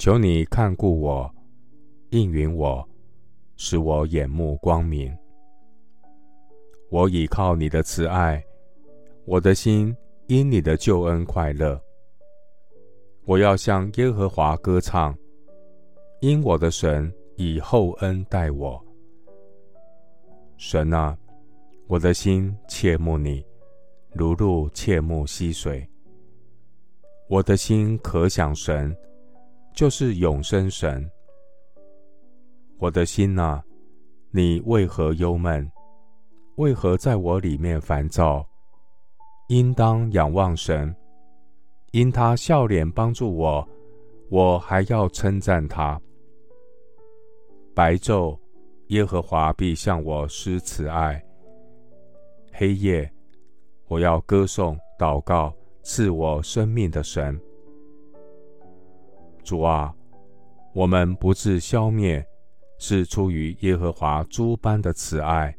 求你看顧我，應允我，使我眼目光明。我倚靠你的慈愛，我的心因你的救恩快樂。我要向耶和華歌唱，因我的神以厚恩待我。神啊，我的心切慕你，如鹿切慕溪水。我的心渴想神。就是永生神，我的心哪、啊，你為何憂悶？為何在我裡面煩躁？應當仰望神，因他笑臉幫助我，我還要稱讚他。白晝，耶和華必向我施慈愛；黑夜，我要歌頌、禱告，賜我生命的神。主啊，我們不致消滅，是出於耶和華諸般的慈愛，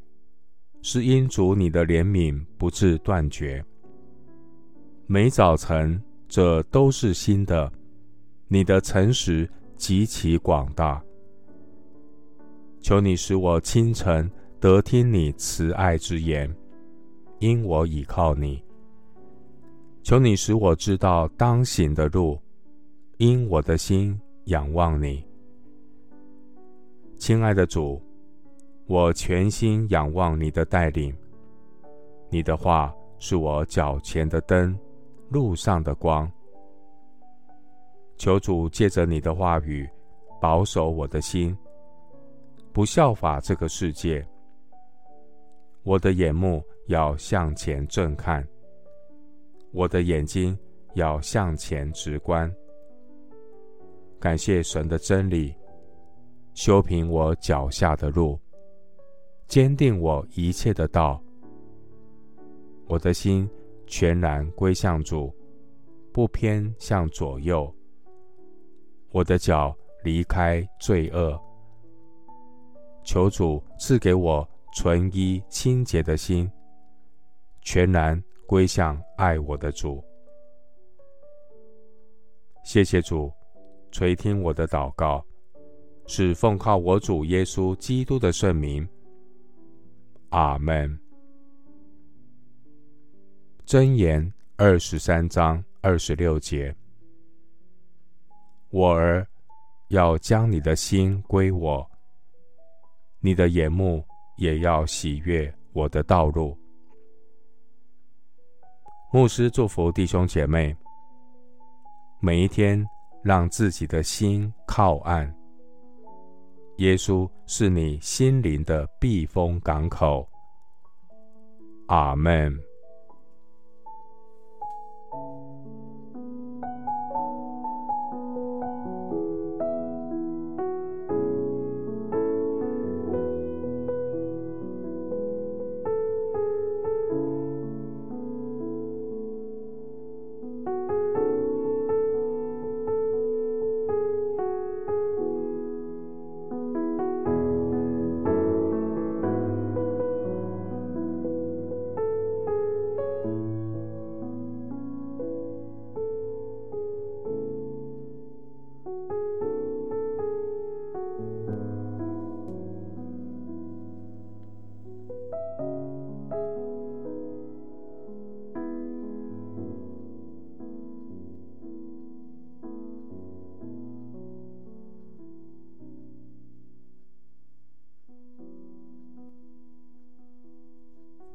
是因主你的憐憫不致斷絕。每早晨，這都是新的，你的誠實極其廣大。求你使我清晨得聽你慈愛之言，因我倚靠你。求你使我知道當行的路。因我的心仰望你，親愛的主，我全心仰望你的帶領。你的話是我腳前的燈，路上的光。求主借着你的話語，保守我的心，不效法這個世界。我的眼目要向前正看，我的眼睛要向前直觀。感謝神的真理，修平我腳下的路，堅定我一切的道。我的心全然歸向主，不偏向左右。我的腳離開罪惡，求主賜給我純一清潔的心，全然歸向愛我的主。謝謝主。垂聽我的禱告，是奉靠我主耶穌基督的聖名。阿門。箴言二十三章二十六節：我兒，要將你的心歸我，你的眼目也要喜悅我的道路。牧師祝福弟兄姐妹，每一天。讓自己的心靠岸。耶穌是你心靈的避風港口。阿們。